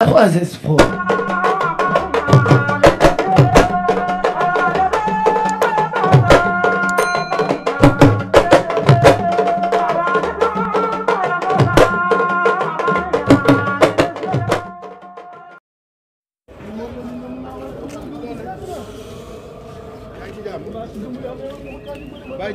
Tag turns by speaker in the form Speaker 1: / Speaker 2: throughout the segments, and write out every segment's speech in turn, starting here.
Speaker 1: That was his fault. Bye,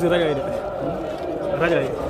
Speaker 1: si rajo yi de rajo yi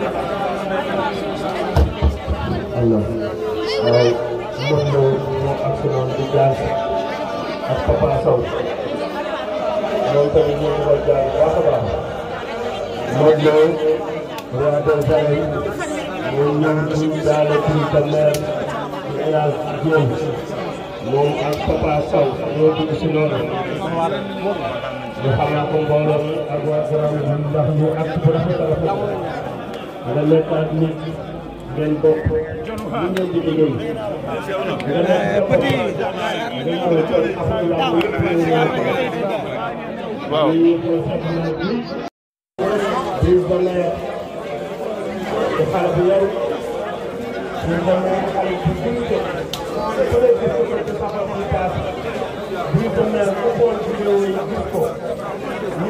Speaker 1: la waaw mën na moo am si noonu di jaar ak Papa Sow loolu tamit ñu ngi koy jaar bu baax a baax mën na waa des années mu ñëw ñu daale kii Damer El Hadj Dieng moom ak Papa Sow ñoo dugg si noonu ñu xamaa ko mbooloo mi ak waa Grand ndax ñu ak bu rafet a rafet ngeen bokk ñu ngeen di liggéey waaw Brise de Mer di xale bu yaru Brise de Mer xale bu funke sole bi papa bi paas Brise de Mer ku xool ci réew yi gis ko ñu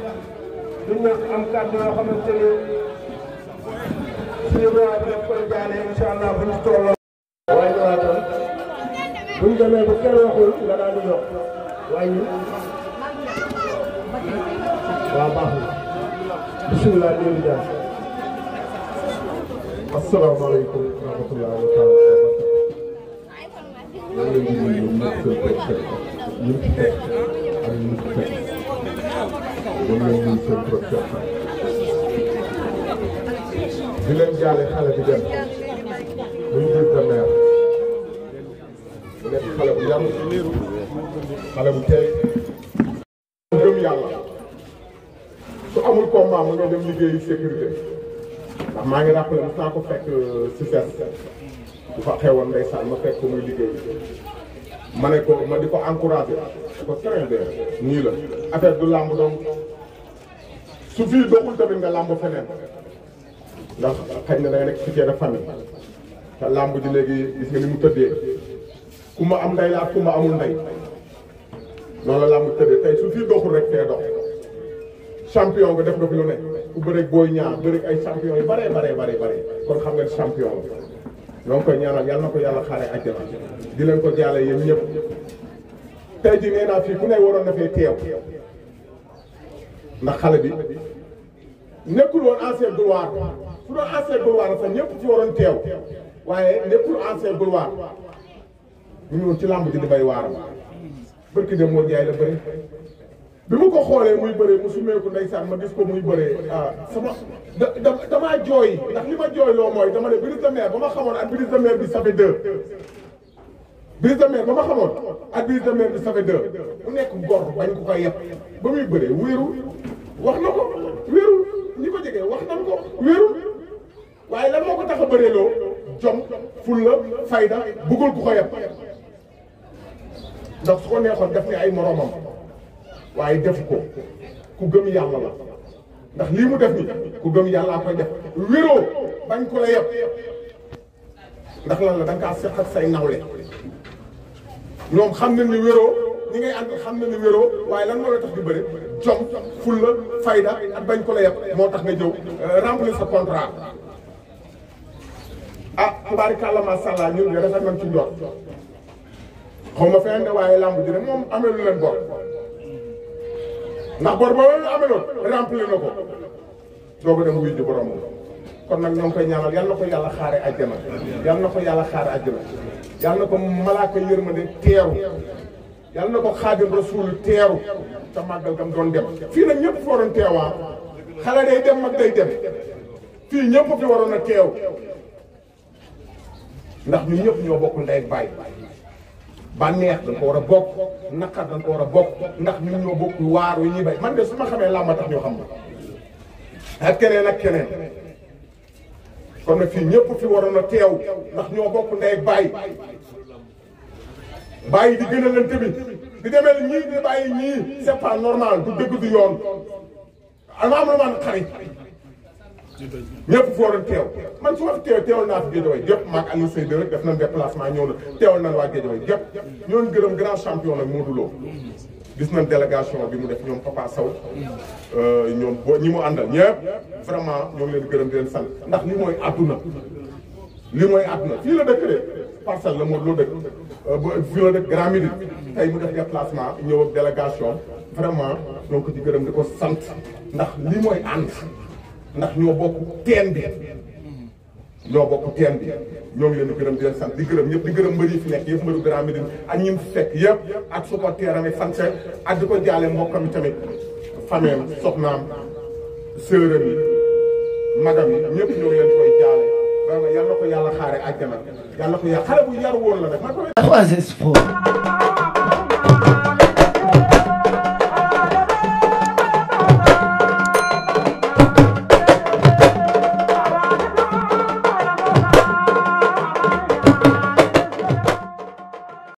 Speaker 1: du ñàkk am kàddu yoo xamante ni suñu doyen bi daf koy jaale incha allah bu ñu tolloo. waaye ñu waatam bu ñu demee ba kenn waxul nga daal di yokk waaye ñu waaw baax na bisimilah di leen jaar. asalaamaaleykum wa rahmatulah wa taala. maa ngi leen di nuyu ñëpp ñu ngi fekk ak ñu ngi fekk. dañ leen nuyu seen professeur bu yar xale bu tey yàlla su amul combat mën nga dem liggéeyu sécurité maa ngi rappelé mu saa ko fekk si seet bu fa xewoon ndeysaan ma fekk muy liggéey ma ne ma di ko encouragé ko terrain de nii la affaire du làmb donc su fii doxul tamit nga làmb feneen ndax xëy na da nga nekk ci kenn famille te làmb di léegi gis nga ni mu tëddee ku ma am ndey laa ku ma amul ndey noonu la làmb tëddee tey su fii doxul rek fee dox champion nga def nga fi lu ne ku bëreeg booy ñaar bëreeg ay champion yu bare bare bare bare kon xam nga champion la donc ñaanal yal na ko yàlla xaare àjjana di leen ko jaale yéen ñëpp tey ji nee naa fii ku ne waroon na fee teew ndax xale bi nekkul woon ancien gloire su doon ancien gloire sax ñëpp ci waroon teew waaye nekkul ancien gloire mu ngi woon ci làmb ji di bay waaram bërki dem moo jaay la bëri bi ma ko xoolee muy bëree mu sumeeku ndeysaan ma gis ko muy bëree ah, sama da damaa jooy ndax li ma jooy loo mooy dama ne Brise de Mer ba ma xamoon ak Brise de bi ça brise de mer ba ma xamoon ak brise de mer bi ça fait deux mu nekk gor bañ ko koy yàpp ba muy bëree wéeru wax na ko wéeru ñi ko jegee wax nañ ko wéeru waaye lan moo ko tax a bëree loo jom fulla fayda bëggul ku ko yàpp ndax su ko neexoon def ne ay moromam waaye def ko ku gëm yàlla la ndax lii mu def ni ku gëm yàllaa koy def wéroo bañ ko la yàpp ndax lan la da nga ak say nawle ñoom xam nañ ne wéroo ñi ngay ànd xam nañ ne wéroo waaye lan moo la tax di bëri jom fulla fayda ak ko la yeb moo tax nga jëw euh, remplir sa contrat ah tubaarikàlla maa sha Allah ñun de rafet nañ ci njort xaw ma fenn waaye làmb ji moom amee bor ndax bor ba loolu ameloon remplir na ko doo ko dem wuyu ji borom kon nag ñoo koy ñaanal yal na ko yàlla xaare àjjana yal na ko yàlla xaare àjjana yal na ko malaaka yërmande teeru yàlla na ko xaadim rasul teeru te màggal gam doon dem fii nag ñëpp fi waroon teewaa xale day dem waroon a teew ndax ñu ñëpp ñoo bokkul ndey ak baay bànneex dañ ko war a bokk naqar dañ ko war a bokk ndax ñun ñoo bokkul waar wi bay man de su ma xamee làmba tax ñu xam ma ak keneen ak keneen kon nag fii ñëpp fi waroon a teew ndax ñoo bokk ndey ak baay bàyyi di gën a bi di demee ñii di bàyyi ñii c'est pas normal du dëgg du yoon almaam la man xarit ñëpp fi waroon teew man su wax teew teewal naa fi Guédiawaye yëpp maag Aliou Seydou rek def nañ déplacement ñëw na teewal nañ waa Guédiawaye yëpp ñoon gërëm grand champion nag Modou Lo gis nañ délégation bi mu def ñoom Papa Sow euh, ñoom boo ñi mu àndal ñëpp vraiment ñoo leen gërëm di leen sant ndax li mooy àdduna li mooy àdduna fii la dëkk de parcelle la moo loo dëkk euh, fii la dëkk Grand Midi tey mu def déplacement ñëw ak délégation vraiment ñoo ko ci gërëm di ko sant ndax li mooy ànd ndax ñoo bokk teen bi ñoo bokk teen bi ñoo ngi leen di gërëm di leen sant di gërëm ñëpp di gërëm mbër yi fi nekk yëpp mbëru Grand Médine ak ñi mu fekk yëpp ak supporter am sant ak di ko jaale mbokkam tamit fameem soxnaam sërëm yi magam yi ñëpp ñoo ngi leen koy jaale da ko yàlla xaare ak yal na ko yàlla xale bu yar woon la nag